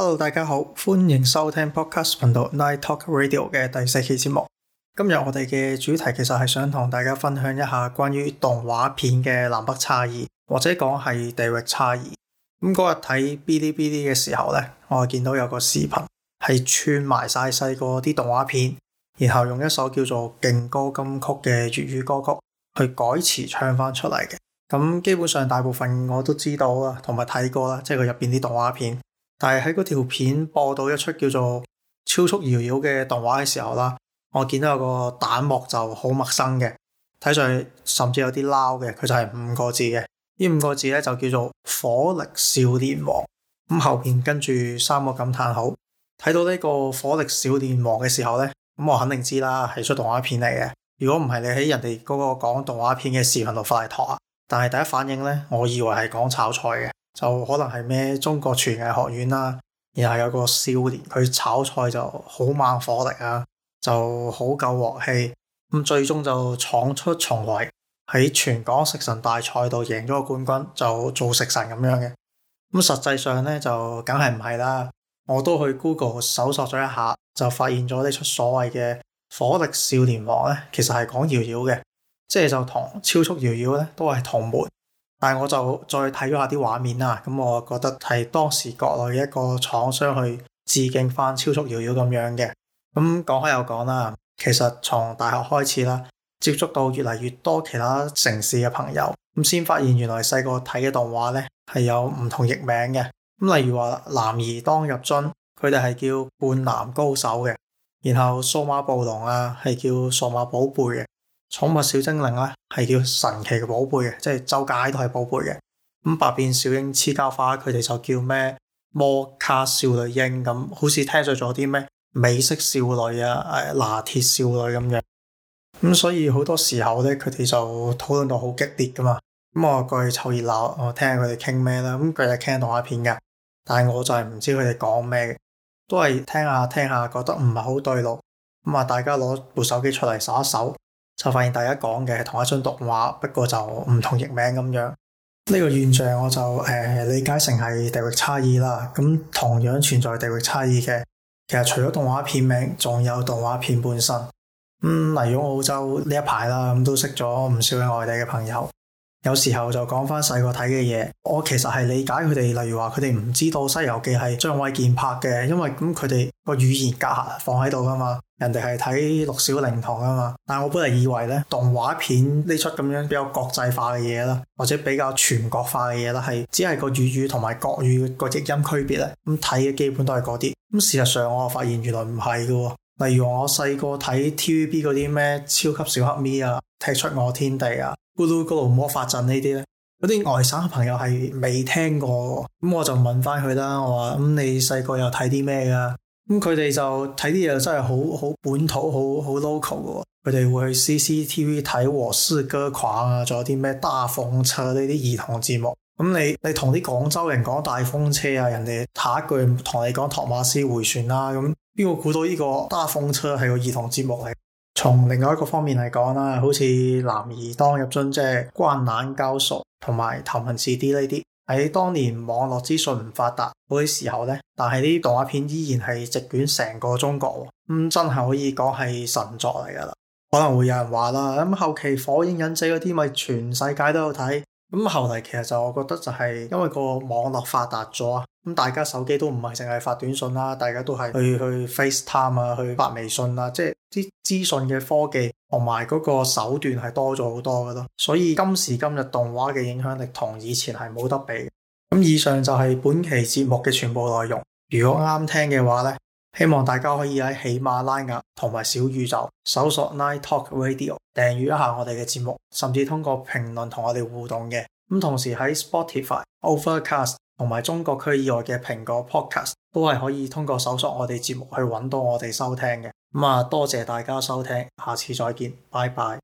Hello，大家好，歡迎收聽 Podcast 頻道 Night Talk Radio 嘅第四期節目。今日我哋嘅主題其實係想同大家分享一下關於動畫片嘅南北差異，或者講係地域差異。咁嗰日睇嗶哩嗶哩嘅時候咧，我見到有個視頻係串埋晒細個啲動畫片，然後用一首叫做勁歌金曲嘅粵語歌曲去改詞唱翻出嚟嘅。咁、嗯、基本上大部分我都知道啦，同埋睇過啦，即係佢入邊啲動畫片。但係喺嗰條片播到一出叫做《超速搖搖》嘅動畫嘅時候啦，我見到有個彈幕就好陌生嘅，睇上去甚至有啲撈嘅，佢就係五個字嘅，呢五個字咧就叫做《火力少年王》。咁後邊跟住三個感嘆號，睇到呢個《火力少年王》嘅時候咧，咁我肯定知啦，係出動畫片嚟嘅。如果唔係你喺人哋嗰個講動畫片嘅視頻度發嚟托啊，但係第一反應咧，我以為係講炒菜嘅。就可能係咩中國廚藝學院啦，啊，然後有個少年佢炒菜就好猛火力啊，就好夠鑊氣，咁最終就闖出重圍喺全港食神大賽度贏咗個冠軍，就做食神咁樣嘅。咁實際上咧就梗係唔係啦，我都去 Google 搜索咗一下，就發現咗呢出所謂嘅火力少年王咧，其實係講搖搖嘅，即係就同超速搖搖咧都係同門。但係我就再睇咗下啲畫面啦，咁我覺得係當時國內嘅一個廠商去致敬翻《超速搖搖》咁樣嘅。咁講開又講啦，其實從大學開始啦，接觸到越嚟越多其他城市嘅朋友，咁先發現原來細個睇嘅動畫咧係有唔同譯名嘅。咁例如話《男兒當入樽》，佢哋係叫《灌籃高手》嘅；然後《數碼暴龍啊》啊係叫《數碼寶貝》嘅。寵物小精靈咧係叫神奇嘅寶貝嘅，即係周街都係寶貝嘅。咁、嗯、百變小櫻、黐膠花，佢哋就叫咩摩卡少女櫻咁，好似聽咗咗啲咩美式少女啊、誒、啊、拿鐵少女咁樣。咁、嗯、所以好多時候咧，佢哋就討論到好激烈噶嘛。咁、嗯、我過去湊熱鬧，我聽下佢哋傾咩啦。咁佢哋傾動畫片噶，但係我就係唔知佢哋講咩，嘅，都係聽下聽下，覺得唔係好對路。咁、嗯、啊，大家攞部手機出嚟搜一搜。就發現大家講嘅係同一張動畫，不過就唔同譯名咁樣。呢、這個現象我就、呃、理解成係地域差異啦。咁同樣存在地域差異嘅，其實除咗動畫片名，仲有動畫片本身。咁嚟咗澳洲呢一排啦，咁都識咗唔少嘅外地嘅朋友。有時候就講翻細個睇嘅嘢，我其實係理解佢哋，例如話佢哋唔知道《西遊記》係張衛健拍嘅，因為咁佢哋個語言隔閡放喺度噶嘛，人哋係睇六小齡童噶嘛。但係我本來以為咧，動畫片呢出咁樣比較國際化嘅嘢啦，或者比較全國化嘅嘢啦，係只係個粵語同埋國語嘅譯音區別咧，咁睇嘅基本都係嗰啲。咁事實上我發現原來唔係噶。例如我細個睇 TVB 嗰啲咩超級小黑咪啊、踢出我天地啊、咕嚕咕嚕魔法陣呢啲咧，嗰啲外省朋友係未聽過，咁我就問翻佢啦。我話咁你細個又睇啲咩噶？咁佢哋就睇啲嘢真係好好本土好好 local 嘅。佢哋會去 CCTV 睇《和氏歌狂》啊，仲有啲咩大風車呢啲兒童節目。咁你你同啲廣州人講大風車啊，人哋下一句同你講托馬斯回旋啦咁。邊個估到呢個大風車係個兒童節目？嚟？從另外一個方面嚟講啦，好似男兒當入樽、即係灌籃高手同埋頭文字 D 呢啲，喺當年網絡資訊唔發達嗰啲時候呢，但係呢啲動畫片依然係席捲成個中國，咁、嗯、真係可以講係神作嚟噶啦。可能會有人話啦，咁、嗯、後期火影忍者嗰啲咪全世界都有睇，咁、嗯、後嚟其實就我覺得就係因為個網絡發達咗啊。咁大家手機都唔係淨係發短信啦，大家都係去去 FaceTime 啊，去發微信啦、啊，即係啲資訊嘅科技同埋嗰個手段係多咗好多噶咯。所以今時今日動畫嘅影響力同以前係冇得比。咁以上就係本期節目嘅全部內容。如果啱聽嘅話呢，希望大家可以喺喜馬拉雅同埋小宇宙搜索 Night Talk Radio 訂閱一下我哋嘅節目，甚至通過評論同我哋互動嘅。咁同時喺 Spotify、Overcast。同埋中國區以外嘅蘋果 Podcast 都係可以通過搜索我哋節目去揾到我哋收聽嘅。咁啊，多謝大家收聽，下次再見，拜拜。